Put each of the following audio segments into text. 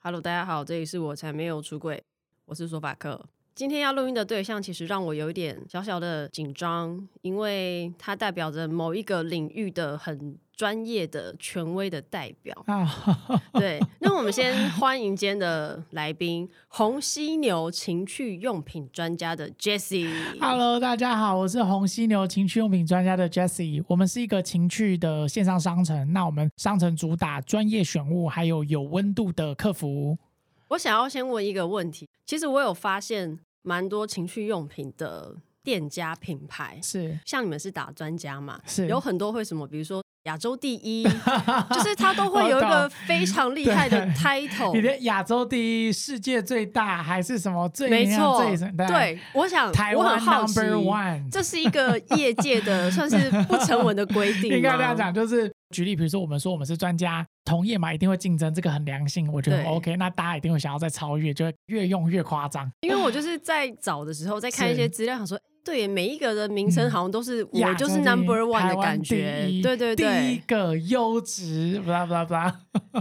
哈嘍，大家好，這裡是我才沒有出櫃，我是說法克。今天要錄音的對象，其實讓我有一點小小的緊張，因為它代表着某一個領域的很專業的權威的代表。 對，那我們先歡迎今天的來賓—— 紅犀牛情趣用品專家的 Jessie。Hello，大家好，我是紅犀牛情趣用品專家的 Jessie。我們是一個情趣的線上商城，那我們商城主打專業選物，還有有溫度的客服。我想要先問一個問題，其實我有發現。蠻多情趣用品的店家品牌是，像你們是打專家嘛？是，有很多會什麼，比如說，亞洲第一， 就是他都會有一個非常厲害的 title。你的亞洲第一，世界最大，還是什麼最？沒錯，對，我想台灣我很好奇，number one。這是一個業界的 算是不成文的規定。應該這樣講，就是舉例，比如說我們說我們是專家，同業嘛，一定會競爭，這個很良性，我覺得 OK。那大家一定會想要再超越，就會越用越誇張。因為我就是在找的時候 在看一些資料，想說。對，每一個的名稱好像都是我就是 number one 的感覺，嗯、yeah，對對對，第一個優質，blah blah blah，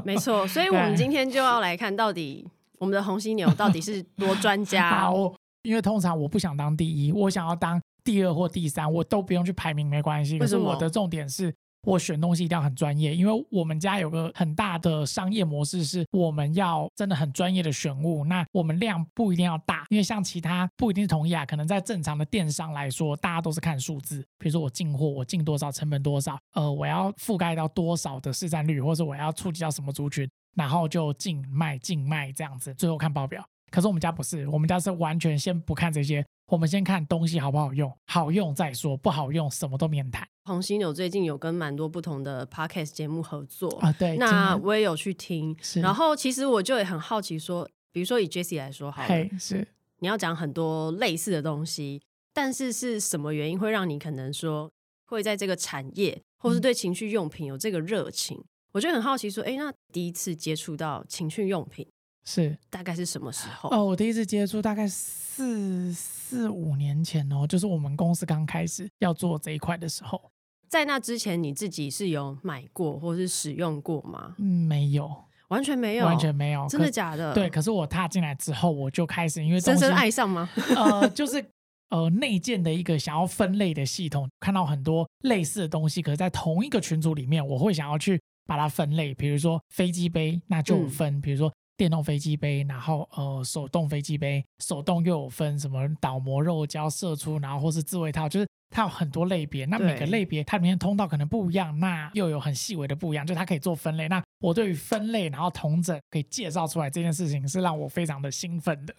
沒錯，所以我們今天就要來看到底我們的紅犀牛到底是多專家。 好，因為通常我不想當第一，我想要當第二或第三，我都不用去排名，沒關係。可是我的重點是。我選東西一定要很專業，因為我們家有個很大的商業模式是，我們要真的很專業的選物。那我們量不一定要大，因為像其他不一定是同意啊，可能在正常的電商來說，大家都是看數字，比如說我進貨我進多少，成本多少，呃，我要覆蓋到多少的市占率，或者我要觸及到什麼族群，然後就進賣進賣這樣子，最後看報表。可是我們家不是，我們家是完全先不看這些，我們先看東西好不好用，好用再說，不好用什麼都免談。紅犀牛最近有跟蠻多不同的 podcast 節目合作啊，對，那我也有去聽是。然後其實我就也很好奇，說，比如說以 Jessie 來說，好，hey, 是你要講很多類似的東西，但是是什麼原因會讓你可能說會在這個產業，或是對情趣用品有這個熱情？嗯、我就很好奇，說，哎，那第一次接觸到情趣用品是大概是什麼時候？哦，我第一次接觸大概四四五年前哦，就是我們公司剛開始要做這一塊的時候。在那之前，你自己是有買過或是使用過嗎？嗯、沒有，完全沒有，完全沒有，真的假的？對。可是我踏進來之後，我就開始因為深深愛上嗎？ 呃，就是呃內建的一個想要分類的系統，看到很多類似的東西，可是在同一個群組裡面，我會想要去把它分類，比如說飛機杯，那就分，比如說。電動飛機杯，然後呃，手動飛機杯，手動又有分什麼倒模、肉膠、射出，然後或是自慰套，就是它有很多類別。那每個類別它裡面通道可能不一樣，那又有很細微的不一樣，就它可以做分類。那我對於分類，然後統整可以介紹出來這件事情，是讓我非常的興奮的。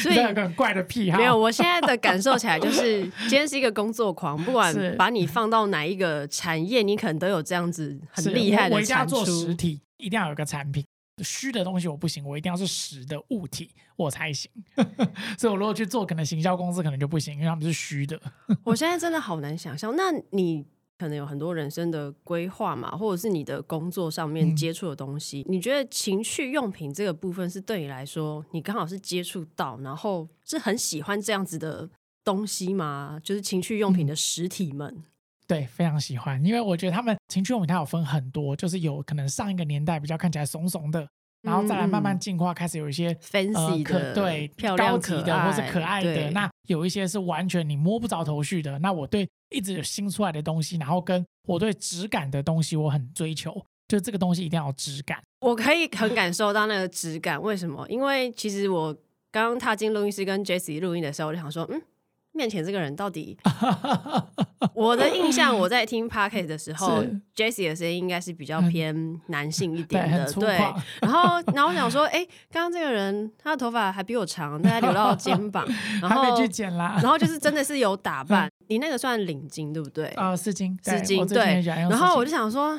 所以有 個很怪的癖好。沒有，我現在的感受起來就是， 今天是一個工作狂，不管把你放到哪一個產業， 你可能都有這樣子很厲害的回家做實體 一定要有一個產品。虛的東西我不行，我一定要是實的物體我才行。 所以，我如果去做，可能行銷公司可能就不行，因為他們是虛的。 我現在真的好難想象，那你可能有很多人生的規劃嘛，或者是你的工作上面接觸的東西、嗯，你覺得情趣用品這個部分是對你來說，你剛好是接觸到，然後是很喜歡這樣子的東西嗎？就是情趣用品的實體們。嗯對，非常喜歡，因為我覺得他們情趣用品它有分很多，就是有可能上一個年代比較看起來慫慫的，嗯、然後再來慢慢進化，嗯、開始有一些 fancy、呃、的、可對，漂亮的或是可愛的。那有一些是完全你摸不着頭緒的。那我對一直有新出來的東西，然後跟我對質感的東西，我很追求，就這個東西一定要有質感。我可以很感受到那個質感， 為什麼？因為其實我剛剛踏進錄音室跟 Jessie 錄音的時候，我就想說，嗯。面前這個人到底？ 我的印象，我在聽 Podcast 的時候是，Jessie 的聲音應該是比較偏男性一點的。 對，對 然後然後我想說，哎、欸，剛剛這個人他的頭髮還比我長，但還留到肩膀， 然後然後就是真的是有打扮。 你那個算領巾對不對？啊、哦，絲巾，絲巾，對，絲巾對。然後我就想說。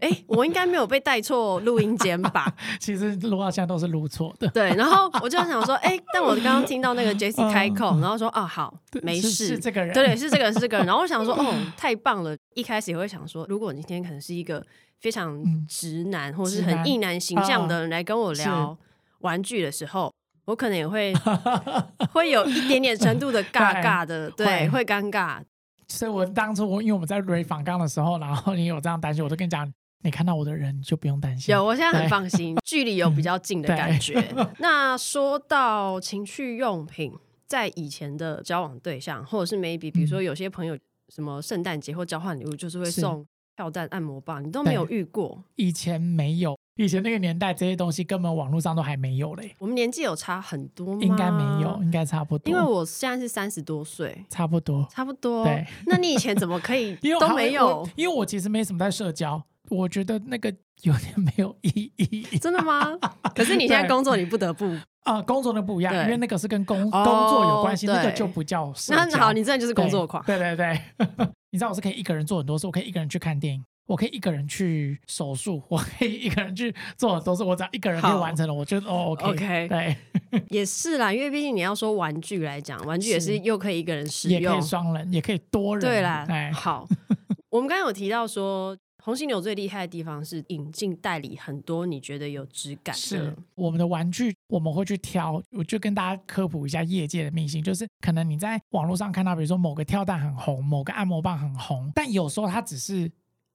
哎、 欸，我應該沒有被帶錯錄音間吧？ 其實錄到現在都是錄錯的。對，然後我就想說，哎、 欸，但我剛剛聽到那個 Jessie 開口、嗯，然後說，啊，好，對沒事是，是這個人，對是這個人，是這個人。然後我想說， 哦，太棒了！一開始也會想說，如果你今天可能是一個非常直男，或是很異男形象的人來跟我聊玩具的時候，嗯、我可能也會 會有一點點程度的尷尬，尬的對對對，對，會尷尬。所以，我當初我因為我們在 Ray 訪剛的時候，然後你有這樣擔心，我就跟你講，你看到我的人就不用擔心。有，我現在很放心，距離有比較近的感覺。 那說到情趣用品，在以前的交往對象，或者是 maybe 比如說有些朋友，嗯、什麼聖誕節或交換禮物，就是會送跳蛋、按摩棒，你都沒有遇過？以前沒有。以前那個年代，這些東西根本網絡上都還沒有嘞、欸。我們年紀有差很多嗎？應該沒有，應該差不多。因為我現在是三十多歲。差不多。差不多。對。那你以前怎麼可以都沒有因？因為我其實沒什麼在社交，我覺得那個有點沒有意義。真的嗎？可是你現在工作，你不得不啊、呃，工作的不一樣，因為那個是跟工工作有關係、哦，那個就不叫社交那很那好，你真的就是工作狂。對對對，對對。 你知道我是可以一個人做很多事，我可以一個人去看電影。我可以一個人去手術，我可以一個人去做，都是我只要一個人就完成了，我覺得哦，OK，o、okay, okay, k 對，也是啦， 因為畢竟你要說玩具來講，玩具也是又可以一個人使用，也可以雙人，也可以多人，對啦，哎、好， 我們剛剛有提到說紅犀牛最厲害的地方是引進代理很多，你覺得有質感的是我們的玩具，我們會去挑，我就跟大家科普一下業界的秘辛，就是可能你在網絡上看到，比如說某個跳蛋很紅，某個按摩棒很紅，但有時候它只是。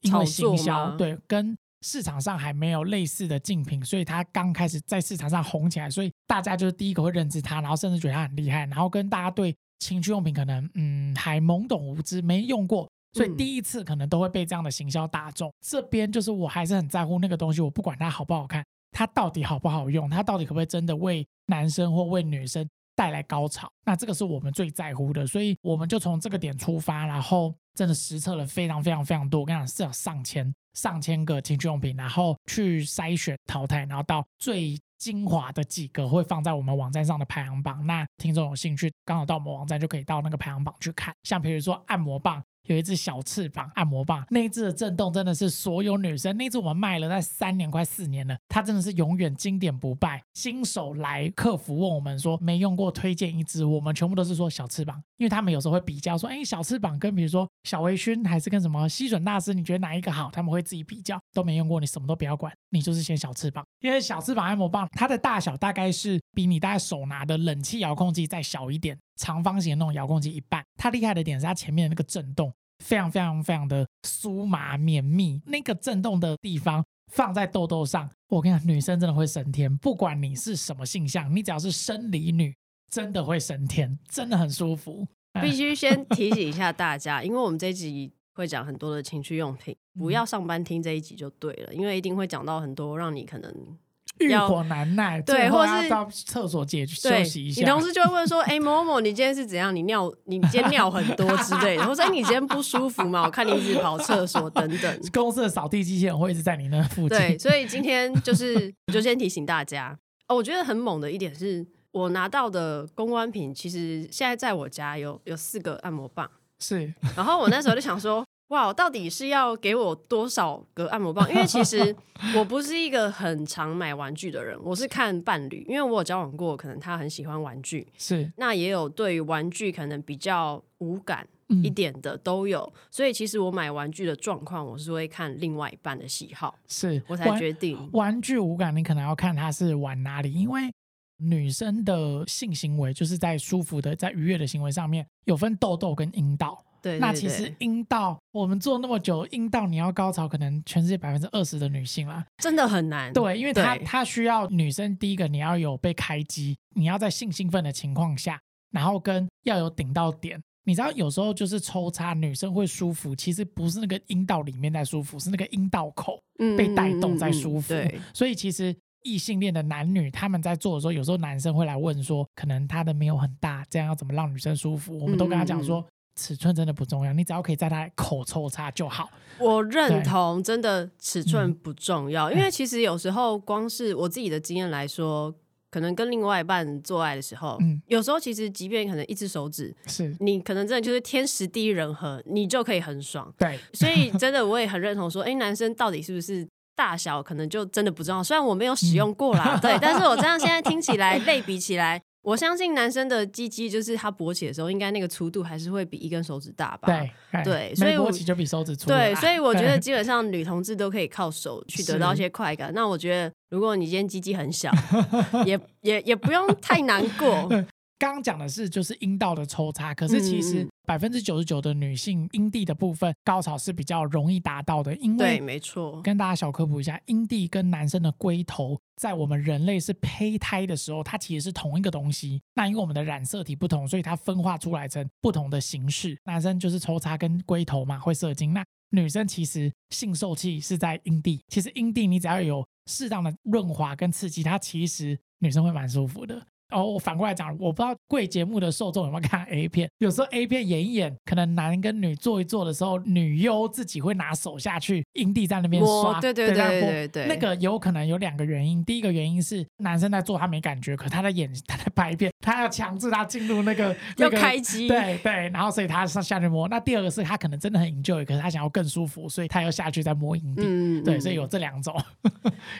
因為行銷，對，跟市場上還沒有類似的競品，所以他剛開始在市場上紅起來，所以大家就是第一個會認知他，然後甚至覺得他很厲害，然後跟大家對情趣用品可能嗯還懵懂無知，沒用過，所以第一次可能都會被這樣的行銷打中。嗯、這邊就是我還是很在乎那個東西，我不管它好不好看，它到底好不好用，它到底可不可以真的為男生或為女生。帶來高潮，那這個是我們最在乎的，所以我們就從這個點出發，然後真的實測了非常非常非常多，我跟你講是有上千上千個情趣用品，然後去篩選淘汰，然後到最精華的幾個會放在我們網站上的排行榜。那聽眾有興趣，剛好到我們網站就可以到那個排行榜去看，像比如說按摩棒。有一隻小翅膀按摩棒，那隻的震動真的是所有女生。那隻我們賣了那三年快四年了，它真的是永遠經典不敗。新手來客服問我們說沒用過，推薦一隻。我們全部都是說小翅膀，因為他們有時候會比較說，哎，小翅膀跟比如說小微醺還是跟什麼吸吮大師，你覺得哪一個好？他們會自己比較，都沒用過，你什麼都不要管，你就是選小翅膀，因為小翅膀按摩棒它的大小大概是比你大家手拿的冷氣遙控器再小一點。長方形那種遙控器一半，它厲害的點是它前面的那個震動非常非常非常的酥麻綿密，那個震動的地方放在痘痘上，我跟你講，女生真的會升天，不管你是什麼性向，你只要是生理女，真的會升天，真的很舒服。必須先提醒一下大家， 因為我們這一集會講很多的情趣用品，不要上班聽這一集就對了，因為一定會講到很多讓你可能。欲火難耐，要對，或是到廁所解休息一下。你同事就會問說：“哎、 欸，某某，你今天是怎樣？你尿，你今天尿很多之類的。”我 說、欸：“你今天不舒服嗎？我看你一直跑廁所，等等。”公司的掃地機器人會一直在你那附近。對，所以今天就是，我就先提醒大家 哦。我覺得很猛的一點是，我拿到的公關品，其實現在在我家有有四個按摩棒，是。然後我那時候就想說。 哇、wow，到底是要給我多少個按摩棒？因為其實我不是一個很常買玩具的人，我是看伴侶，因為我有交往過，可能他很喜歡玩具，是那也有對玩具可能比較無感一點的都有，嗯、所以其實我買玩具的狀況，我是會看另外一半的喜好，是我才決定玩，玩具無感，你可能要看他是玩哪裡，因為女生的性行為就是在舒服的、在愉悅的行為上面，有分豆豆跟陰道。對對對，那其實陰道，我們做那麼久陰道，你要高潮，可能全世界百分之二十的女性啦，真的很難。對，因為她她需要女生第一個你要有被開機，你要在性興奮的情況下，然後跟要有頂到點。你知道有時候就是抽插女生會舒服，其實不是那個陰道裡面在舒服，是那個陰道口被帶動在舒服。嗯嗯、所以其實異性戀的男女他們在做的時候，有時候男生會來問說，可能他的沒有很大，這樣要怎麼讓女生舒服？我們都跟他講說。嗯嗯尺寸真的不重要，你只要可以在他口抽插就好。我認同，真的尺寸不重要、嗯，因為其實有時候光是我自己的經驗來說、嗯，可能跟另外一半做愛的時候，嗯，有時候其實即便可能一只手指，是你可能真的就是天時地利人和，你就可以很爽。對，所以真的我也很認同說，哎、 欸，男生到底是不是大小可能就真的不重要？雖然我沒有使用過啦，嗯、對， 對，但是我這樣現在聽起來 類比起來。我相信男生的雞雞，就是他勃起的時候，應該那個粗度還是會比一根手指大吧？對對，沒勃起就比手指粗。對，所以我覺得基本上女同志都可以靠手去得到一些快感。那我覺得，如果你今天雞雞很小， 也也也不用太難過。 剛剛講的是就是陰道的抽插，可是其實百分之九十九的女性陰蒂的部分高潮是比較容易達到的，因為，對，沒錯，跟大家小科普一下，陰蒂跟男生的龜頭在我們人類是胚胎的時候，它其實是同一個東西。那因為我們的染色體不同，所以它分化出來成不同的形式。男生就是抽插跟龜頭嘛，會射精。那女生其實性受器是在陰蒂，其實陰蒂你只要有適當的潤滑跟刺激，它其實女生會蠻舒服的。哦，我反過來講，我不知道貴節目的受眾有沒有看 A 片？有時候 A 片演一演，可能男跟女做一做的時候，女優自己會拿手下去陰蒂在那邊刷。對對對對對。那個有可能有兩個原因，第一個原因是男生在做他沒感覺，可他在演他在拍片，他要強制他進入那個要、那個、開機。對對，然後所以他上下去摸。那第二個是他可能真的很 enjoy，可是他想要更舒服，所以他要下去再摸陰蒂、嗯嗯。對，所以有這兩種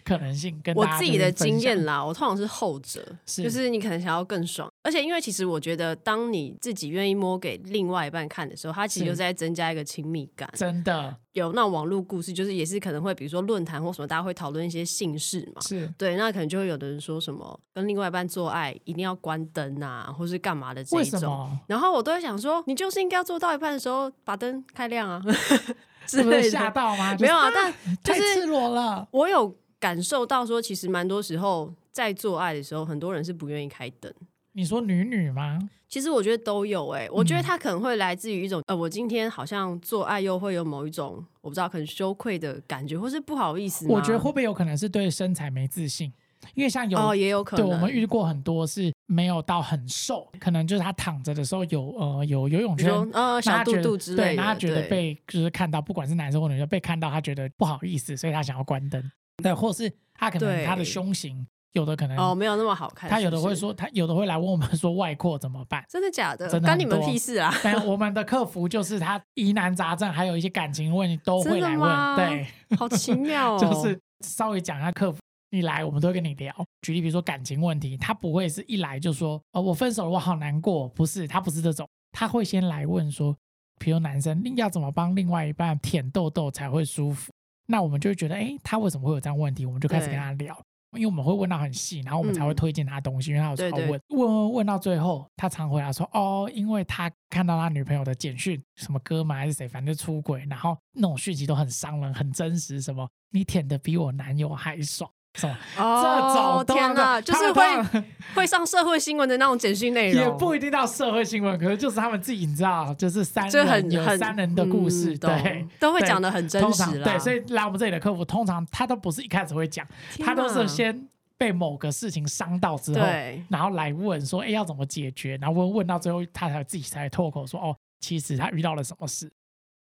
可能性。跟。我自己的經驗、就是、經驗啦，我通常是後者，是就是。你可能想要更爽，而且因為其實我覺得，當你自己願意摸給另外一半看的時候，他其實就在增加一個親密感。真的有那種網絡故事，就是也是可能會，比如說論壇或什麼，大家會討論一些性事嘛。是對，那可能就會有的人說什麼，跟另外一半做愛一定要關燈啊，或是幹嘛的這一種。然後我都在想說，你就是應該要做到一半的時候把燈開亮啊， 是不是嚇到嗎、就是啊？沒有啊，但就是太赤裸了，我有感受到說，其實蠻多時候。在做愛的時候，很多人是不願意開燈。你說女女嗎？其實我覺得都有哎、欸。我覺得她可能會來自於一種、嗯、呃，我今天好像做愛又會有某一種我不知道，可能羞愧的感覺，或是不好意思。我覺得會不會有可能是對身材沒自信？因為像有、哦、也有可能對，我們遇過很多是沒有到很瘦，可能就是她躺着的時候有呃，有游泳圈，呃，小肚肚之類對，那她覺得被就是看到，不管是男生或女生被看到，她覺得不好意思，所以她想要關燈。對，或是她可能她的胸型。有的可能哦，沒有那麼好看是不是。他有的會說，他有的會來問我們說外擴怎麼辦？真的假的？真的？關你們屁事啊！但我們的客服就是他疑難雜症，還有一些感情問題都會來問。真的嗎？對，好奇妙哦。 就是稍微講一下客服，你來，我們都會跟你聊。舉例，比如說感情問題，他不會是一來就說哦，我分手了，我好難過。不是，他不是這種，他會先來問說，比如男生要怎麼幫另外一半舔痘痘痘才會舒服？那我們就會覺得，哎，他為什麼會有這樣問題？我們就開始跟他聊。因為我們會問到很細，然後我們才會推薦他的東西、嗯，因為他有時候問，對對問問問到最後，他常回答說：“哦，因為他看到他女朋友的簡訊，什麼哥們還是誰，反正出軌，然後那種訊息都很傷人，很真實，什麼你舔得比我男友還爽。”哦、這種，這種天啊，就是會會上社會新聞的那種簡訊內容，也不一定到社會新聞，可能就是他們自己，你知道，就是三，有三人的故事，嗯、對，都會講得很真實。對，通常，對，所以來我們這裡的客服，通常他都不是一開始會講，啊，他都是先被某個事情傷到之後，對，然後來問說，哎、欸，要怎麼解決？然後問問到最後，他才自己才脫口說，哦，其實他遇到了什麼事。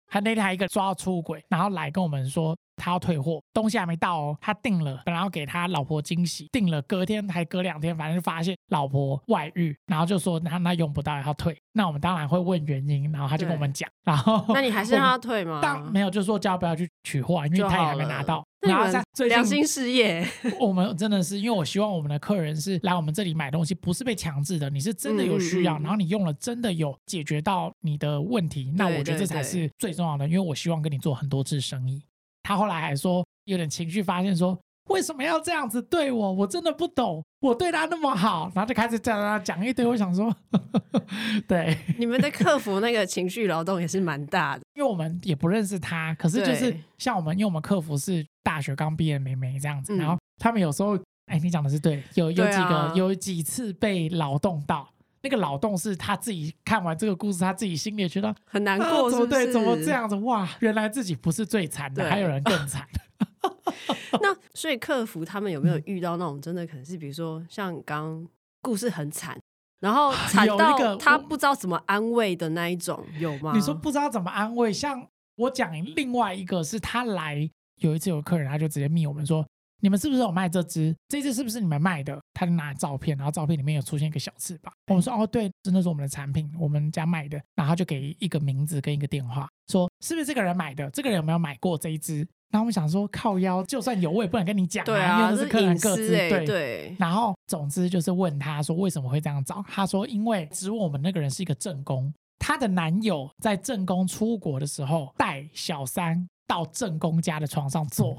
他那天還一個人抓到出軌，然後來跟我們說他要退貨，東西還沒到哦，他訂了，然後給他老婆驚喜，訂了隔天還隔兩天，反正就發現老婆外遇，然後就說他那用不到要退，那我們當然會問原因，然後他就跟我們講。然後那你還是讓他退嗎？當沒有，就說叫他不要去取貨，因為他也還沒拿到。你好像最良心事業，我們真的是，因為我希望我們的客人是來我們這裡買東西，不是被強制的，你是真的有需要，然後你用了真的有解決到你的問題，那我覺得這才是最重要的，因為我希望跟你做很多次生意。他後來還說有點情緒，發現說為什麼要這樣子對我？我真的不懂，我對他那麼好，然後就開始在那講一堆。我想說，對你們的客服那個情緒勞動也是蠻大的，因為我們也不認識他，可是就是像我們，因為我們客服是。大學剛畢業妹妹這樣子、嗯，然後他們有時候，哎，你講的是對，有有幾個、啊，有幾次被勞動到，那個勞動是他自己看完這個故事，他自己心裡覺得很難過，啊、怎麼對是不是，怎麼這樣子？哇，原來自己不是最慘的，還有人更慘。 那所以客服他們有沒有遇到那種、嗯、真的可能是，比如說像剛,剛故事很慘，然後慘到他不知道怎麼安慰的那一種有一，有嗎？你說不知道怎麼安慰，像我講另外一個是他來。有一次有客人，他就直接密我們說：“你們是不是有賣這支？這支是不是你們賣的？”他就拿了照片，然後照片裡面有出現一個小翅膀。我們說：“哦，對，真的是我們的產品，我們家賣的。”然後就給一個名字跟一個電話，說：“是不是這個人買的？這個人有沒有買過這一支？”然後我們想說，靠腰，就算有，我也不能跟你講啊，因為、啊、是客人各自、欸、對對，對。然後總之就是問他說為什麼會這樣找？他說：“因為只有我們那個人是一個正宮，他的男友在正宮出國的時候帶小三。”到正宮家的床上坐，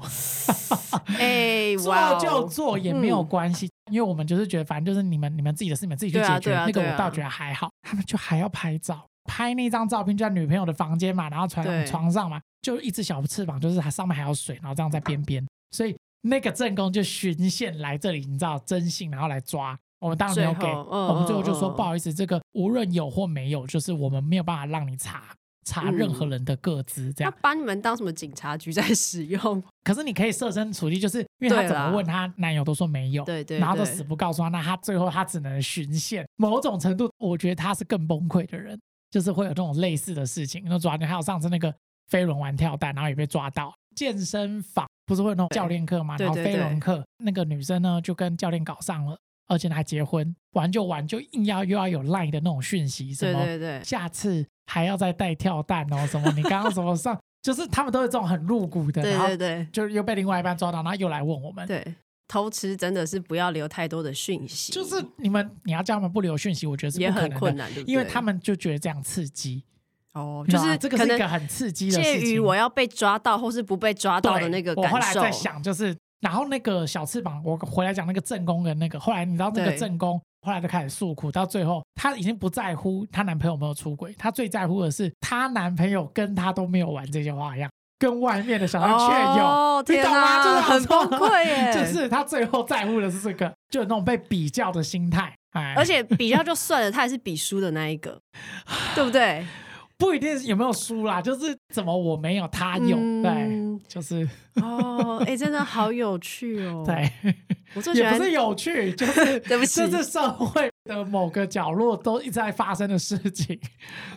欸，哎， 坐就坐也沒有關係，嗯，因為我們就是覺得反正就是你們你們自己的事，你們自己去解決。對啊，對啊，對啊，那個我倒覺得還好。對啊，對啊，他們就還要拍照，拍那張照片就在女朋友的房間嘛，然後床床上嘛，就一隻小翅膀，就是它上面還有水，然後這樣在邊邊。所以那個正宮就循線來這裡，你知道徵信，然後來抓。我們當然沒有給，嗯嗯嗯，我們最後就說不好意思，這個無論有或沒有，就是我們沒有辦法讓你查。查任何人的個資，這樣把你們當什麼警察局在使用？可是你可以設身處地，就是因為他怎麼問他男友都說沒有，對對，然後都死不告訴他，那他最後他只能循線。某種程度，我覺得他是更崩潰的人，就是會有這種類似的事情。那主要你還有上次那個飛輪玩跳蛋，然後也被抓到健身房，不是會有那種教練課嘛？然後飛輪課那個女生呢，就跟教練搞上了，而且還結婚，玩就玩，就硬要又要有 line 的那種訊息，什麼下次。還要再帶跳蛋哦，什麼？你剛剛什麼上？ 就是他們都是這種很露骨的，對對對，就是又被另外一半抓到，然後又來問我們。對，偷吃真的是不要留太多的訊息。就是你們你要叫他們不留訊息，我覺得是不可能的，也很困難對對，因為他們就覺得這樣刺激。哦，就是、就是、這個是一個很刺激的事情。介於我要被抓到或是不被抓到的那個感受。我後來在想，就是然後那個小翅膀，我回來講那個正宮跟那個，後來你知道那個正宮。後來就開始訴苦，到最後她已經不在乎她男朋友有沒有出軌，她最在乎的是她男朋友跟她都沒有玩這些花樣，跟外面的小三卻有、哦，你懂嗎？就是很崩潰耶！就是她最後在乎的是這個，就有那種被比較的心態，哎，而且比較就算了，她還是比輸的那一個， 對不對？不一定是有沒有輸啦，就是怎麼我沒有，他有，嗯、對。就是哦，哎、欸，真的好有趣哦！對，我最喜歡也不是有趣，就是 對不，這是社會的某個角落都一直在發生的事情。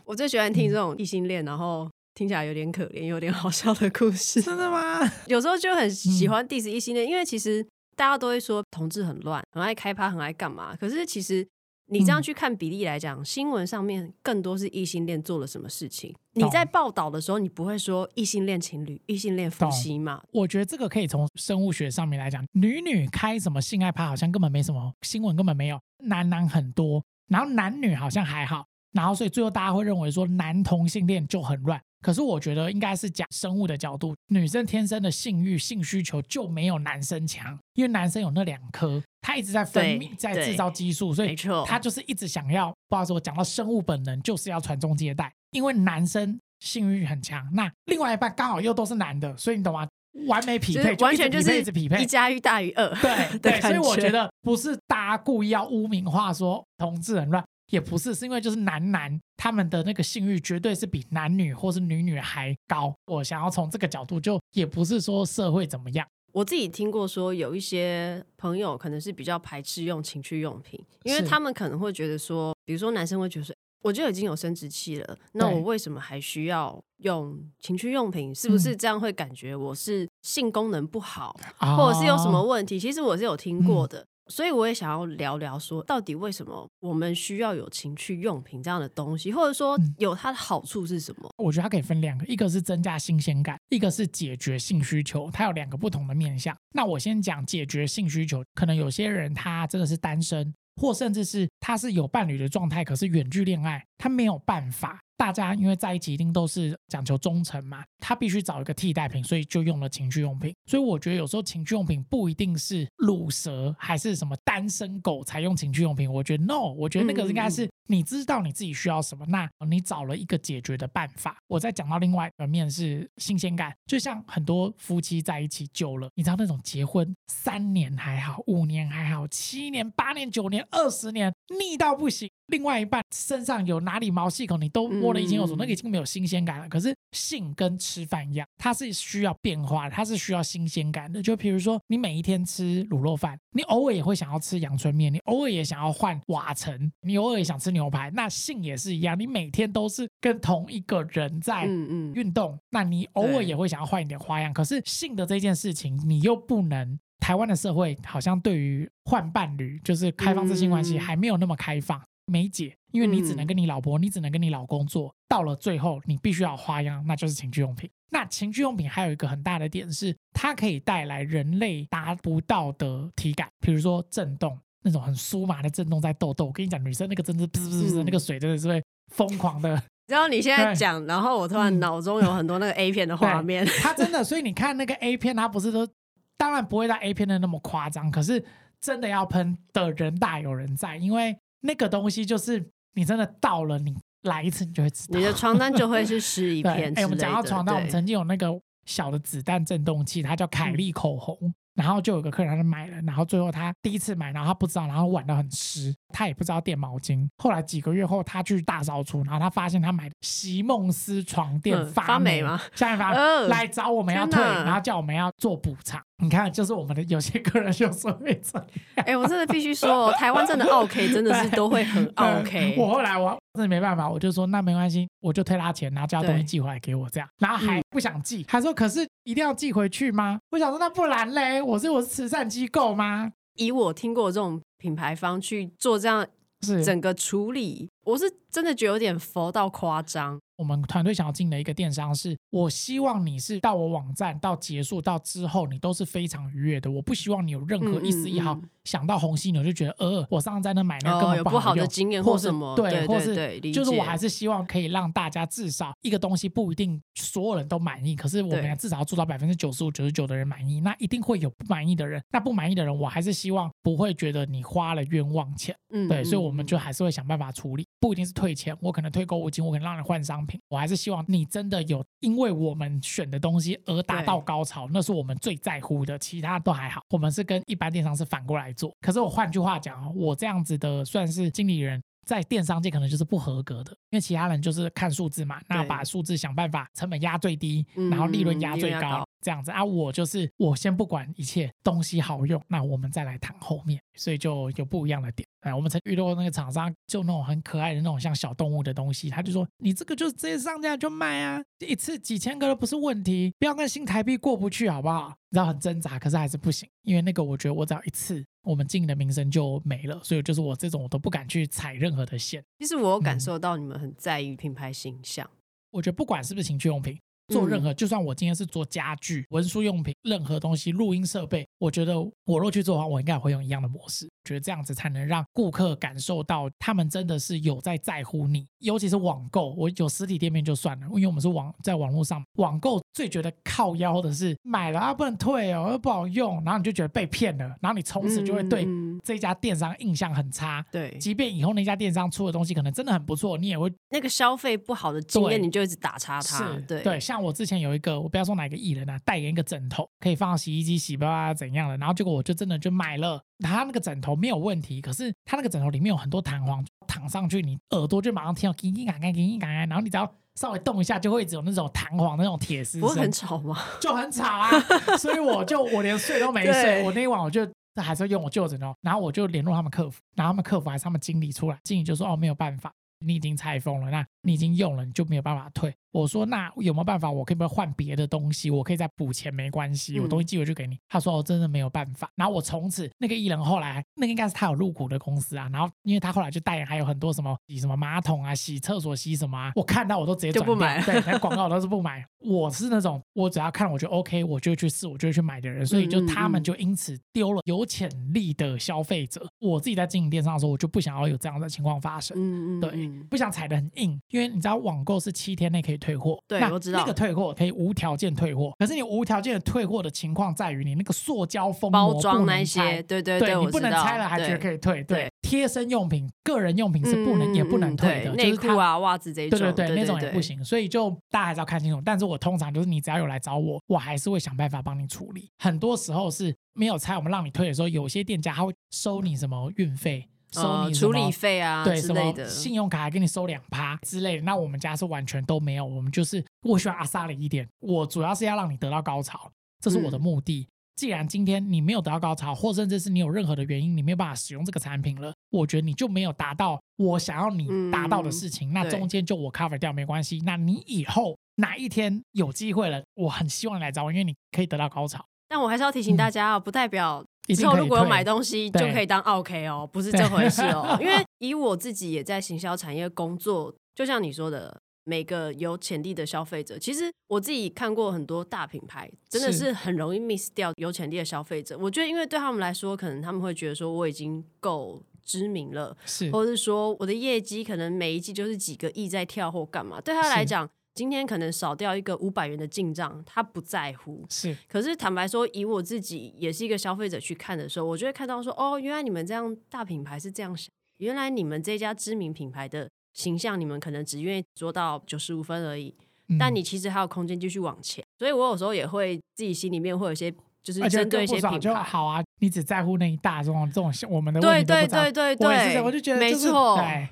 我最喜歡聽這種異性戀，然後聽起來有點可憐，有點好笑的故事。真的嗎？ 有時候就很喜歡 diss 異性戀，因為其實大家都會說同志很亂，很愛開趴，很愛幹嘛。可是其實。你這樣去看比例來講，嗯，新聞上面，更多是異性戀做了什麼事情。你在報道的時候，你不會說異性戀情侶、異性戀夫妻嗎？我覺得這個可以從生物學上面來講，女女開什麼性愛趴，好像根本沒什麼新聞，根本沒有。男男很多，然後男女好像還好，然後所以最後大家會認為說，男同性戀就很亂。可是我覺得應該是講生物的角度，女生天生的性慾、性需求就沒有男生強，因為男生有那兩顆，他一直在分泌、在制造激素，所以沒錯，他就是一直想要。不好意思，我講到生物本能就是要傳宗接代，因為男生性欲很強，那另外一半剛好又都是男的，所以你懂嗎？完美匹配，就是、完全就是一直匹配，就是、一加一大於二。對對，所以我覺得不是大家故意要污名化說同志很亂。也不是，是因為就是男男他們的那個性欲絕對是比男女或是女女還高。我想要從這個角度，就也不是說社會怎麼樣。我自己聽過說有一些朋友可能是比較排斥用情趣用品，因為他們可能會覺得說，比如說男生會覺得說，我就已經有生殖器了，那我為什麼還需要用情趣用品？是不是這樣會感覺我是性功能不好，嗯、或者是有什麼問題、哦？其實我是有聽過的。嗯所以我也想要聊聊說到底為什麼我們需要有情趣用品這樣的東西，或者說有它的好處是什麼？嗯，我覺得它可以分兩個，一個是增加新鮮感，一個是解決性需求。它有兩個不同的面向。那我先講解決性需求，可能有些人他真的是單身。或甚至是他是有伴侶的狀態，可是遠距戀愛，他沒有辦法。大家因為在一起一定都是講求忠誠嘛，他必須找一個替代品，所以就用了情趣用品。所以我覺得有時候情趣用品不一定是魯蛇還是什麼單身狗才用情趣用品，我覺得 no，我覺得那個應該是。你知道你自己需要什麼，那你找了一個解決的辦法。我再講到另外一個面是新鮮感，就像很多夫妻在一起久了，你知道那種結婚三年還好，五年還好，七年、八年、九年、二十年。膩到不行，另外一半身上有哪裡毛細孔，你都摸了已經有種，嗯嗯，那個已經沒有新鮮感了。可是性跟吃飯一樣，它是需要變化的，它是需要新鮮感的。就比如說，你每一天吃滷肉飯，你偶爾也會想要吃陽春麵，你偶爾也想要換瓦城，你偶爾也想吃牛排。那性也是一樣，你每天都是跟同一個人在運動，嗯嗯，那你偶爾也會想要換一點花樣。可是性的這件事情，你又不能。台灣的社會好像對於換伴侶，就是開放性關係，還沒有那麼開放，嗯。沒解，因為你只能跟你老婆，嗯，你只能跟你老公做，到了最後你必須要花樣，那就是情趣用品。那情趣用品還有一個很大的點是，它可以帶來人類達不到的體感，比如說震動，那種很酥麻的震動在痘痘。我跟你講，女生那個真的滋滋滋，那個水真的是會瘋狂的。然後你現在講，然後我突然腦中有很多那個 A 片的畫面，嗯。他真的，所以你看那個 A 片，它不是都？當然不會到 A 片的那麼誇張，可是真的要噴的人大有人在，因為那個東西就是你真的到了你，你來一次你就會知道，你的床單就會是濕一片。哎、 欸，我們講到床單，我們曾經有那個小的子彈震動器，它叫凱莉口紅、嗯，然後就有個客人他就買了，然後最後他第一次買，然後他不知道，然後玩得很濕，他也不知道墊毛巾。後來幾個月後，他去大掃除，然後他發現他買席夢思床墊、嗯、發霉、發霉嗎？下面發霉、哦、來找我們要退、啊，然後叫我們要做補償。你看，就是我們的有些客人就說會，會、欸、哎，我真的必須說哦，台灣真的 OK，真的是都會很 OK。我後來我真的沒辦法，我就說那沒關係，我就退他錢，叫他東西寄回來給我這樣。然後還不想寄，他說可是一定要寄回去嗎？我想說那不然嘞？我是我是慈善機構嗎？以我聽過的這種品牌方去做這樣是整個處理。我是真的覺得有點佛到誇張。我們團隊想要進的一個電商是，是我希望你是到我網站到結束到之後，你都是非常愉悅的。我不希望你有任何一絲一毫、嗯嗯嗯、想到紅犀牛就覺得呃，我上次在那買那個不、哦、不好的經驗，或什麼或或對對，對，或是對對就是我還是希望可以讓大家至少一個東西不一定所有人都滿意，可是我們至少要做到百分之九十五、九十九的人滿意。那一定會有不滿意的人，那不滿意的人，我還是希望不會覺得你花了冤枉錢。嗯，對嗯，所以我們就還是會想辦法處理。不一定是退錢，我可能退購物金，我可能讓你換商品。我還是希望你真的有，因為我們選的東西而達到高潮，那是我們最在乎的，其他都還好。我們是跟一般電商是反過來做。可是我換句話講，我這樣子的算是經理人，在電商界可能就是不合格的，因為其他人就是看數字嘛，那把數字想辦法，成本壓最低，然後利潤壓最高。這樣子啊，我就是我先不管一切東西好用，那我們再來談後面，所以就有不一樣的點。哎，啊，我們曾遇到過那個廠商，就那種很可愛的那種像小動物的東西，他就說：“你這個就直接上架就賣啊，一次幾千個都不是問題，不要跟新台幣過不去，好不好？”然後很掙扎，可是還是不行，因為那個我覺得我只要一次，我們進的名聲就沒了，所以就是我這種我都不敢去踩任何的線。其實我感受到你們很在意品牌形象。嗯，我覺得不管是不是情趣用品，做任何，嗯、就算我今天是做家具、文書用品，任何東西、錄音設備，我覺得我若去做的話，我應該也會用一樣的模式。覺得這樣子才能讓顧客感受到他們真的是有在在乎你，尤其是網購，我有實體店面就算了，因為我們是網，在網絡上網購最覺得靠腰的是買了啊不能退哦、啊、又不好用，然後你就覺得被騙了，然後你從此就會對這家電商印象很差。對，即便以後那家電商出的東西可能真的很不錯，你也會，那個消費不好的經驗你就一直打叉它。對是對，像我之前有一個，我不要說哪個藝人啊，代言一個枕頭，可以放到洗衣機洗吧，怎樣了？然後結果我就真的就買了。他那個枕頭沒有問題，可是他那個枕頭裡面有很多彈簧，躺上去你耳朵就馬上聽到“叮叮嘎嘎，叮叮嘎嘎”，然後你只要稍微動一下，就會只有那種彈簧的那種鐵絲聲，不是很吵嗎？就很吵啊！ 所以我就我連睡都沒睡， 我那一晚我就還是用我舊枕頭，然後我就聯絡他們客服，然後他們客服還是他們經理出來，經理就說哦，沒有辦法。你已經拆封了，那你已經用了，你就沒有辦法退。我說那有沒有辦法？我可不可以換別的東西？我可以再補錢沒關係，嗯、我東西寄回去給你。他說我真的沒有辦法。然後我從此那個藝人後來那個應該是他有入股的公司啊，然後因為他後來就代言還有很多什麼洗什麼馬桶啊、洗廁所、洗什麼啊，我看到我都直接就不買。對，那廣告我都是不買。 我是那種我只要看我覺得 OK，我就去試，我就去買的人。所以就他們就因此丟了有潛力的消費者。嗯嗯，我自己在經營電商的時候，我就不想要有這樣的情況發生。嗯嗯，對。不想踩得很硬，因為你知道網購是七天內可以退貨，對，我知道那個退貨可以無條件退貨。可是你無條件的退貨的情況在於你那個塑膠封膜不能拆包裝那些，對對對，對你不能拆了還覺得可以退對對。對，貼身用品、個人用品是不能、嗯、也不能退的，就是、內褲啊、襪子這種對對對。對對對，那種也不行對對對。所以就大家還是要看清楚。但是我通常就是你只要有來找我，我還是會想辦法幫你處理。很多時候是沒有拆我們讓你退的時候，有些店家他會收你什麼運費。收你處理費啊，對，什麼信用卡還給你收兩趴之類的。那我們家是完全都沒有，我們就是我需要阿薩里一點，我主要是要讓你得到高潮，這是我的目的。嗯、既然今天你沒有得到高潮，或甚至是你有任何的原因你沒有辦法使用這個產品了，我覺得你就沒有達到我想要你達到的事情，嗯、那中間就我 cover 掉沒關係。那你以後哪一天有機會了，我很希望你來找我，因為你可以得到高潮。但我還是要提醒大家啊，嗯、不代表。以後如果有買東西可就可以當 OK 哦、喔，不是這回事哦、喔。因為以我自己也在行銷產業工作，就像你說的，每個有潛力的消費者，其實我自己看過很多大品牌，真的是很容易 miss 掉有潛力的消費者。我覺得，因為對他們來說，可能他們會覺得說我已經夠知名了，是，或者是說我的業績可能每一季就是幾個億在跳或幹嘛，對他來講。今天可能少掉一個五百元的進賬，他不在乎。是，可是坦白說，以我自己也是一個消費者去看的時候，我就會看到說，哦，原來你們這樣大品牌是這樣想，原來你們這家知名品牌的形象，你們可能只願意做到九十五分而已。嗯。但你其實還有空間繼續往前。所以我有時候也會自己心裡面會有些，就是針對一些品牌，好啊。你只在乎那一大眾這種我們的問題，對對，對對對對對，我，我就覺得、就是、沒錯。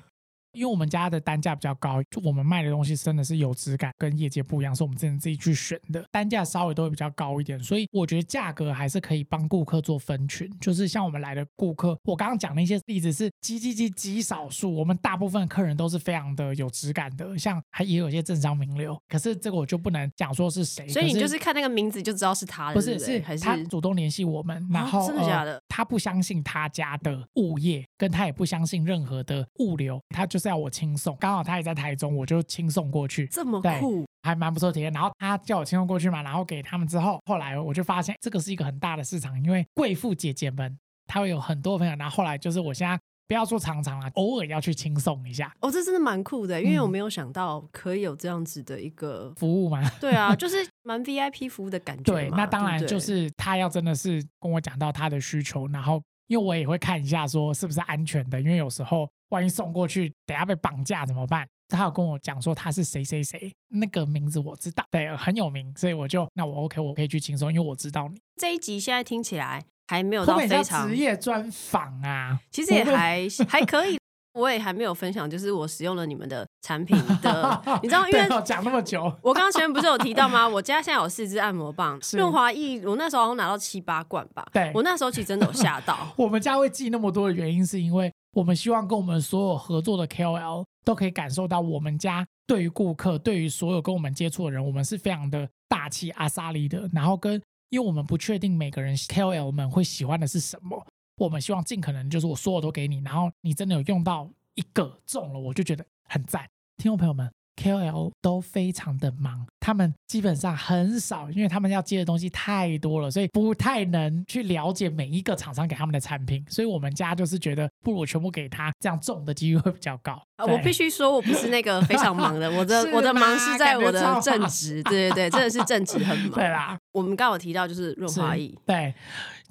因為我們家的單價比較高，就我們賣的東西真的是有質感，跟業界不一樣，是我們自己自己去選的，單價稍微都會比較高一點，所以我覺得價格還是可以幫顧客做分群。就是像我們來的顧客，我剛剛講那些例子是極極極極少數，我們大部分客人都是非常的有質感的，像還也有一些政商名流，可是這個我就不能講說是誰。所以你就是看那個名字就知道是他的，是不是？不是？是他主動聯繫我們，然後、啊、真的假的？呃，他不相信他家的物業，跟他也不相信任何的物流，他就是。就是要我親送，剛好他也在台中，我就親送過去。這麼酷，還蠻不錯體驗。然後他叫我親送過去嘛，然後給他們之後，後來我就發現這個是一個很大的市場，因為貴婦姐姐們她會有很多朋友。然後後來就是我現在不要說常常了，啊、偶爾要去親送一下。哦，這真的蠻酷的，因為我沒有想到可以有這樣子的一個、嗯、服務嘛。 對啊，就是蠻 VIP 服務的感覺。對，那當然就是他要真的是跟我講到他的需求，然後。因為我也會看一下，說是不是安全的。因為有時候萬一送過去，等下被綁架怎麼辦？他有跟我講說他是誰誰誰，那個名字我知道，對，很有名，所以我就那我 OK，我可以去輕鬆，因為我知道你這一集現在聽起來還沒有到非常，職業專訪啊，其實也還還可以。 我也還沒有分享，就是我使用了你們的產品的， 你知道，因為講那麼久，我剛剛前面不是有提到嗎？ 我家現在有四支按摩棒，是。潤滑液，我那時候好像拿到七八罐吧。對，我那時候其實真的有嚇到。 我們家會寄那麼多的原因，是因為我們希望跟我們所有合作的 KOL 都可以感受到，我們家對於顧客，對於所有跟我們接觸的人，我們是非常的大氣阿薩利的。然後跟，因為我們不確定每個人 KOL 們會喜歡的是什麼。我們希望盡可能，就是我所有的都給你，然後你真的有用到一個中了，我就覺得很讚。聽眾朋友們，KOL 都非常的忙，他們基本上很少，因為他們要接的東西太多了，所以不太能去了解每一個廠商給他們的產品。所以我們家就是覺得不如我全部給他，這樣中的幾率會比較高。啊、我必須說，我不是那個非常忙的， 我的我的忙是在我的正職 對對對，真的是正職很忙。對啦，我們剛剛有提到就是潤滑液，對。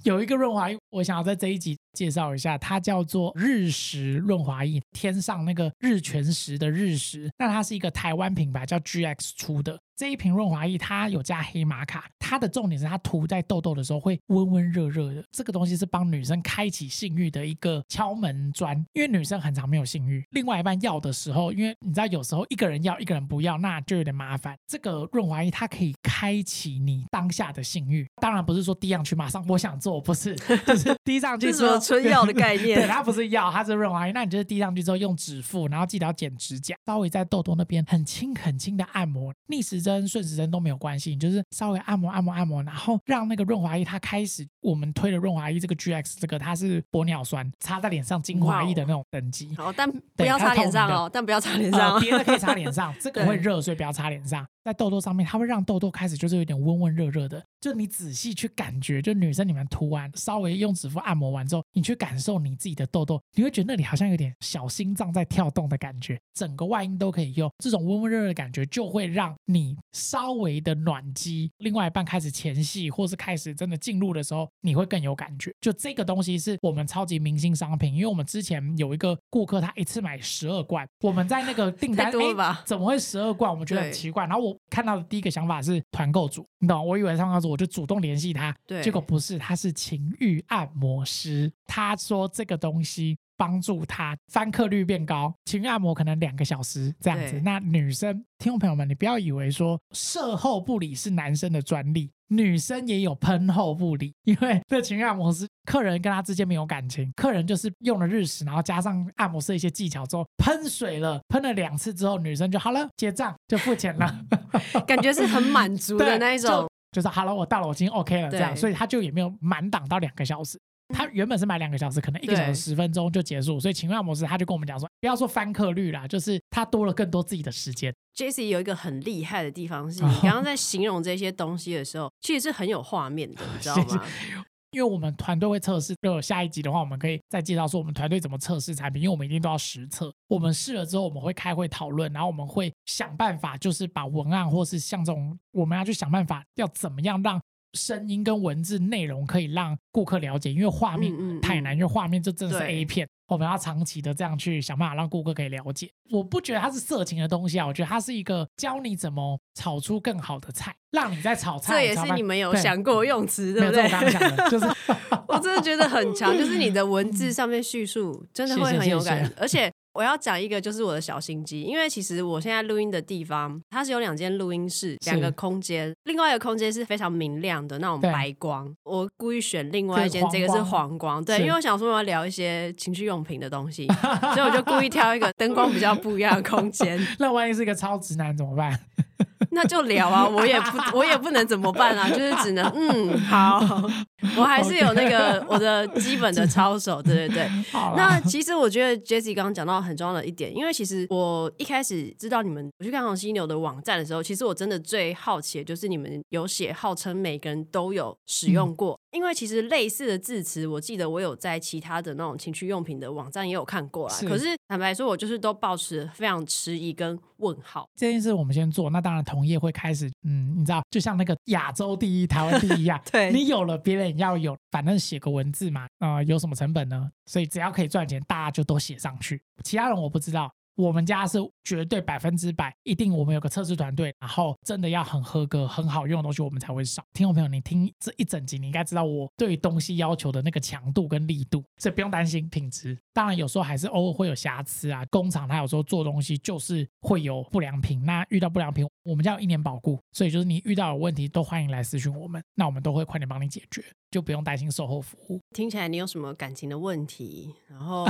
有一個潤滑液，我想要在這一集介紹一下，它叫做日食潤滑液，天上那個日全食的日食。那它是一個台灣品牌叫 GX 出的。這一瓶潤滑液，它有加黑瑪卡，它的重點是它塗在痘痘的時候會溫溫熱熱的。這個東西是幫女生開啟性慾的一個敲門磚，因為女生很常沒有性慾，另外一半要的時候，因為你知道有時候一個人要一個人不要，那就有點麻煩。這個潤滑液它可以開啟你當下的性慾，當然不是說滴上去馬上我想做。我不是，就是滴上去，這 是什麼春藥的概念？ 對，它不是藥，它是潤滑液。那你就是滴上去之後，用指腹，然後記得要剪指甲，稍微在痘痘那邊很輕很輕的按摩，逆時針、順時針都沒有關係，就是稍微按摩、按摩、按摩，然後讓那個潤滑液它開始。我們推的潤滑液這個 GX 這個，它是玻尿酸擦在臉上精華液的那種等級。哦、wow，但不要擦臉上哦，但不要擦臉上、哦，別、 呃、的可以擦臉上，這個會熱，所以不要擦臉上。在痘痘上面，它會讓痘痘開始就是有點溫溫熱熱的，就你仔細去感覺，就女生你們塗完，稍微用指腹按摩完之後。你去感受你自己的痘痘，你會覺得那裡好像有點小心臟在跳動的感覺。整個外陰都可以用這種溫溫熱熱的感覺，就會讓你稍微的暖機。另外一半開始前戲，或是開始真的進入的時候，你會更有感覺。就這個東西是我們超級明星商品，因為我們之前有一個顧客，他一次買十二罐，我們在那個訂單裡哎，怎麼會十二罐？我們覺得很奇怪。然後我看到的第一個想法是團購組，你懂？我以為他那時候我就主動聯繫他，結果不是，他是情慾按摩師。他說：“這個東西幫助他翻客率變高，情慾按摩可能兩個小時這樣子。那女生聽眾朋友們，你不要以為說射後不理是男生的專利，女生也有噴後不理，因為這情慾按摩師客人跟他之間沒有感情，客人就是用了日式，然後加上按摩師一些技巧之後噴水了，噴了兩次之後，女生就好了，結賬就付錢了， 感覺是很滿足的那一種，就、就是哈嘍，我到了，我已經 OK 了這樣，所以他就也沒有滿檔到兩個小時。”他原本是買兩個小時，可能一個小時十分鐘就結束，所以情況模式他就跟我們講說，不要說翻客率啦，就是他多了更多自己的時間。Jessie 有一個很厲害的地方是，是你剛剛在形容這些東西的時候，其實是很有畫面的，你知道嗎？因為我們團隊會測試，如果下一集的話，我們可以再介紹說我們團隊怎麼測試產品，因為我們一定都要實測。我們試了之後，我們會開會討論，然後我們會想辦法，就是把文案或是像這種，我們要去想辦法，要怎麼樣讓。聲音跟文字內容可以讓顧客了解，因為畫面太難，嗯嗯嗯，因為畫面就真的是 A 片，我們要長期的這樣去想辦法讓顧客可以了解。我不覺得它是色情的東西啊，我覺得它是一個教你怎麼炒出更好的菜，讓你在炒菜。這也是你們有想過用詞的，沒有剛講 就是 我真的覺得很強，就是你的文字上面敘述真的會很有感覺，而且。我要講一個，就是我的小心機，因為其實我現在錄音的地方，它是有兩間錄音室，兩個空間，另外一個空間是非常明亮的那種白光，我故意選另外一間，這個黃、這個、是黃光，對，因為我想說我要聊一些情趣用品的東西，所以我就故意挑一個燈光比較不一樣的空間。 那萬一是一個超直男怎麼辦？ 那就聊啊，我也不，我也不能怎麼辦啊， 就是只能嗯，好，我還是有那個我的基本的操守， 對對對。那其實我覺得 Jessie 剛剛講到很重要的一點，因為其實我一開始知道你們，我去看紅犀牛的網站的時候，其實我真的最好奇的就是你們有寫號稱每個人都有使用過。嗯因為其實類似的字詞，我記得我有在其他的那種情趣用品的網站也有看過了、啊。可是坦白說，我就是都抱持非常遲疑跟問號。這件事我們先做，那當然同業會開始，嗯，你知道，就像那個亞洲第一、台灣第一一、啊、樣， 對，你有了別人要有，反正寫個文字嘛，啊、呃，有什麼成本呢？所以只要可以賺錢，大家就都寫上去。其他人我不知道。我們家是絕對百分之百，一定，我們有個測試團隊，然後真的要很合格、很好用的東西，我們才會上。聽眾朋友，你聽這一整集，你應該知道我對東西要求的那個強度跟力度，所以不用擔心品質。當然，有時候還是偶爾會有瑕疵啊，工廠它有時候做東西就是會有不良品。那遇到不良品，我們家有一年保固，所以就是你遇到有問題都歡迎來諮詢我們，那我們都會快點幫你解決。就不用擔心售後服務。聽起來你有什麼感情的問題，然後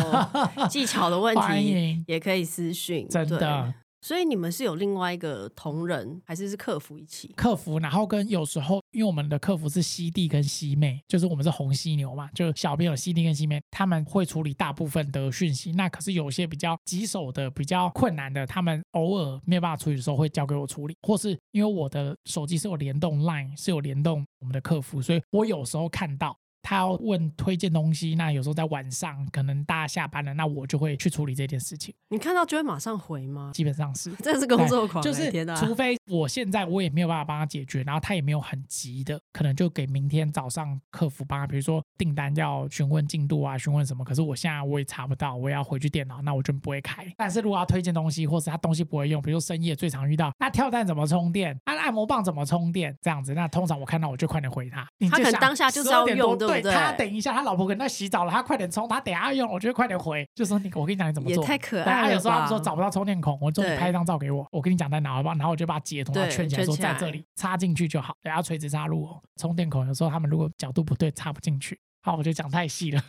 技巧的問題，也可以私信。 真的。所以你們是有另外一個同仁，還是是客服一起？客服，然後跟有時候，因為我們的客服是犀弟跟犀妹，就是我們是紅犀牛嘛，就是小朋友犀弟跟犀妹，他們會處理大部分的訊息。那可是有些比較棘手的、比較困難的，他們偶爾沒有辦法處理的時候，會交給我處理，或是因為我的手機是有聯動 Line，是有聯動我們的客服，所以我有時候看到。他要問推薦東西，那有時候在晚上，可能大家下班了，那我就會去處理這件事情。你看到就會馬上回嗎？基本上是，真 是工作狂、欸，就是、啊、除非我現在我也沒有辦法幫他解決，然後他也沒有很急的，可能就給明天早上客服幫他，比如說訂單要詢問進度啊，詢問什麼。可是我現在我也查不到，我也要回去電腦，那我就不會開。但是如果要推薦東西，或是他東西不會用，比如說深夜最常遇到，那跳蛋怎麼充電？那按摩棒怎麼充電？這樣子，那通常我看到我就快點回他。他可能當下就是要用的。對他等一下，他老婆可能在洗澡了，他快點衝，他等一下用，我覺得快點回，就說你，我跟你講你怎麼做。也太可愛了。他有時候他們說找不到充電孔，我就拍一張照給我，我跟你講在哪好不好？然後我就把截圖他圈起來，說在這裡插進去就好，然後垂直插入充電孔。有時候他們如果角度不對，插不進去，好，我就講太細了，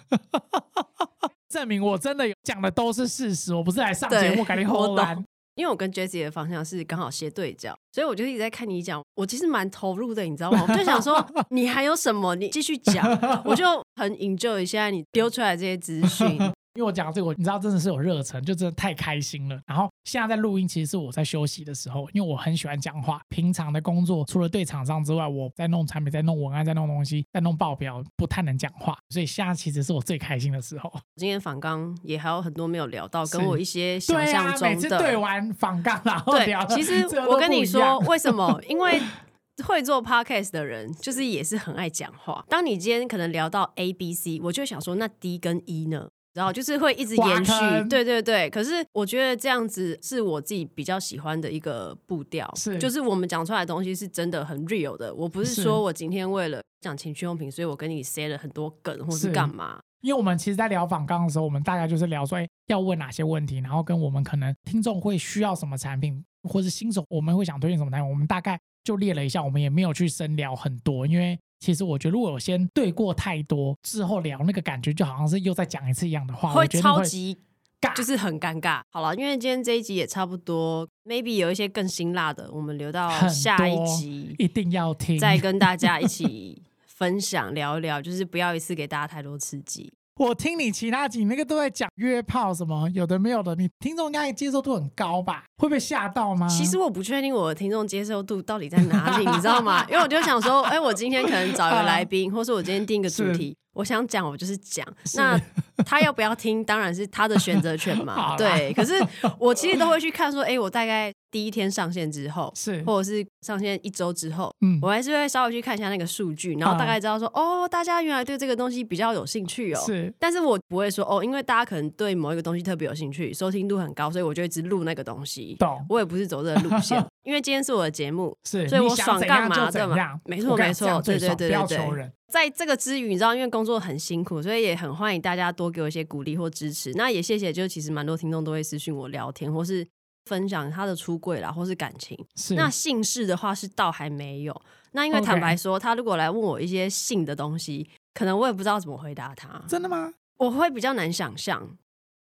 證明我真的有講的都是事實，我不是來上節目，感覺好難。因為我跟 Jessie 的方向是剛好斜對角，所以我就一直在看你講，我其實蠻投入的，你知道嗎？我就想說，你還有什麼？你繼續講，我就很 enjoy 現在你丟出來這些資訊。因為我講這個，我你知道真的是有熱忱，就真的太開心了。然後現在在錄音，其實是我在休息的時候，因為我很喜歡講話。平常的工作除了對廠商之外，我在弄產品，在弄文案，在弄東西，在弄報表，不太能講話。所以現在其實是我最開心的時候。今天訪綱也還有很多沒有聊到，跟我一些想像中的。對啊，每次對完訪綱啊， 對，其實我跟你說 為什麼？因為會做 podcast 的人，就是也是很愛講話。當你今天可能聊到 A、B、C，我就想說，那 D、跟 E 呢？然後就是會一直延續，對對對。可是我覺得這樣子是我自己比較喜歡的一個步調，是就是我們講出來的東西是真的很 real 的。我不是說我今天為了講情趣用品，所以我跟你塞了很多梗或是幹嘛是。因為我們其實，在聊訪綱的時候，我們大概就是聊說要問哪些問題，然後跟我們可能聽眾會需要什麼產品，或是新手我們會想推薦什麼產品，我們大概就列了一下，我們也沒有去深聊很多，因為。其實我覺得，如果我先對過太多之後聊那個感覺，就好像是又再講一次一樣的話，會,會超級尬，就是很尷尬。好了，因為今天這一集也差不多，maybe 有一些更辛辣的，我們留到下一集一定要聽，再跟大家一起分享 聊一聊，就是不要一次給大家太多刺激。我聽你其他集那個都在講約炮什麼，有的沒有的，你聽眾應該接受度很高吧？會被嚇到嗎？其實我不確定我的聽眾接受度到底在哪裡， 你知道嗎？因為我就想說，哎、欸，我今天可能找一個來賓， 嗯、或是我今天定一個主題。我想講，我就是講。那他要不要聽， 當然是他的選擇權嘛。 對，可是我其實都會去看說，哎、欸，我大概第一天上線之後，是或者是上線一周之後，嗯，我還是會稍微去看一下那個數據，然後大概知道說、嗯，哦，大家原來對這個東西比較有興趣哦。但是我不會說，哦，因為大家可能對某一個東西特別有興趣，收聽度很高，所以我就一直錄那個東西。懂，我也不是走這個路線， 因為今天是我的節目，所以我爽想幹嘛就幹嘛。沒錯，沒錯，對對對對對。在這個之餘，你知道，因為工作很辛苦，所以也很歡迎大家多給我一些鼓勵或支持。那也謝謝，就其實蠻多聽眾都會私訊我聊天，或是分享他的出櫃啦，或是感情是。那性事的話是倒還沒有。那因為坦白說，他如果來問我一些性的東西，可能我也不知道怎麼回答他。真的嗎？我會比較難想象。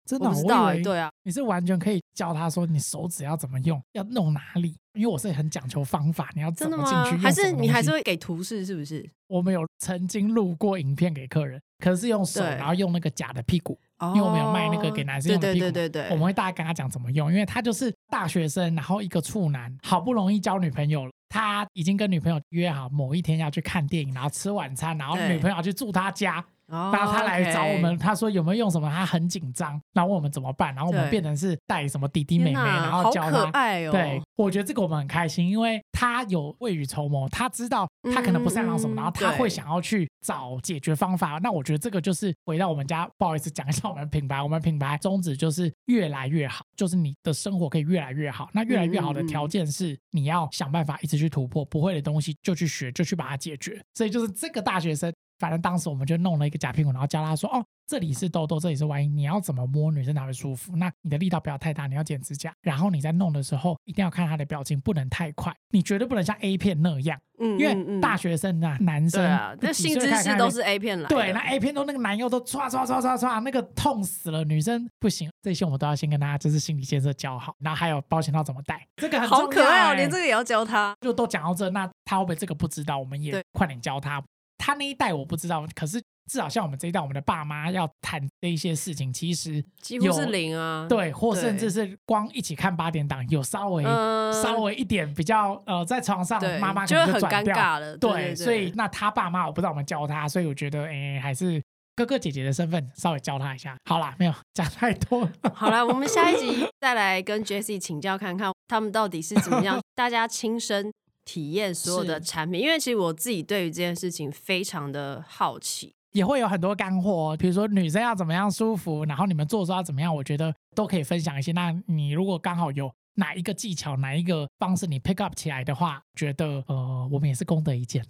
真的、哦，我知道、欸。對啊，你是完全可以教他說你手指要怎麼用，要弄哪裡。因為我是很講求方法，你要怎麼進去？還是你還是會給圖示？是不是？我們有曾經錄過影片給客人，可是用手，然後用那個假的屁股，oh, 因為我們有賣那個給男生用的屁股。對對對對對，我們會大概跟他講怎麼用，因為他就是大學生，然後一個處男，好不容易交女朋友了，他已經跟女朋友約好某一天要去看電影，然後吃晚餐，然後女朋友要去住他家。然後他來找我們、oh, okay，他說有沒有用什麼？他很緊張，然後問我們怎麼辦。然後我們變成是帶什麼弟弟妹妹，然後教他、哦。對，我覺得這個我們很開心，因為他有未雨綢繆，他知道他可能不擅長什麼、嗯然，然後他會想要去找解決方法。那我覺得這個就是回到我們家，不好意思講一下我們品牌，我們品牌宗旨就是越來越好，就是你的生活可以越來越好。那越來越好的條件是你要想辦法一直去突破，嗯、不會的東西就去學，就去把它解決。所以就是這個大學生。反正當時我們就弄了一個假屁股，然後教他說：“哦，這裡是豆豆，這裡是外陰。你要怎麼摸女生才會舒服？那你的力道不要太大，你要剪指甲，然後你在弄的時候一定要看他的表情，不能太快，你絕對不能像 A 片那樣，嗯，因為大學生啊，男生、嗯嗯、男生對啊，這性知識都是 A 片啦。對，那 A 片中那個男優都唰唰唰唰唰，那個痛死了，女生不行，這些我們都要先跟大家就是心理建設教好，然後還有保險套怎麼戴，這個很重要、欸、好可愛哦，連這個也要教他，就都講到這，那他會不會這個不知道？我們也快點教他。他那一代我不知道，可是至少像我們這一代，我們的爸媽要談的一些事情，其實幾乎是零啊。對，或甚至是光一起看八點檔，有稍微、呃、稍微一點比較呃，在床上，媽媽就，就會很尷尬了。對、對、對、對、對，所以那他爸媽我不知道，我們教他，所以我覺得哎，還是哥哥姐姐的身份稍微教他一下。好啦，沒有講太多。好啦，我們下一集 再來跟 Jessie 請教看看，他們到底是怎麼樣， 大家親身。體驗所有的產品，因為其實我自己對於這件事情非常的好奇，也會有很多乾貨、哦。比如說女生要怎麼樣舒服，然後你們做時候要怎麼樣，我覺得都可以分享一些。那你如果剛好有哪一個技巧、哪一個方式你 pick up 起來的話，覺得呃，我們也是功德一件，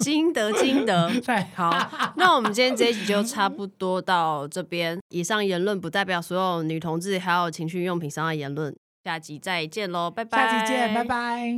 積德積德。好， 那我們今天這集就差不多到這邊。以上言論不代表所有女同志還有情趣用品商的言論。下集再見嘍，拜拜。下集見，拜拜。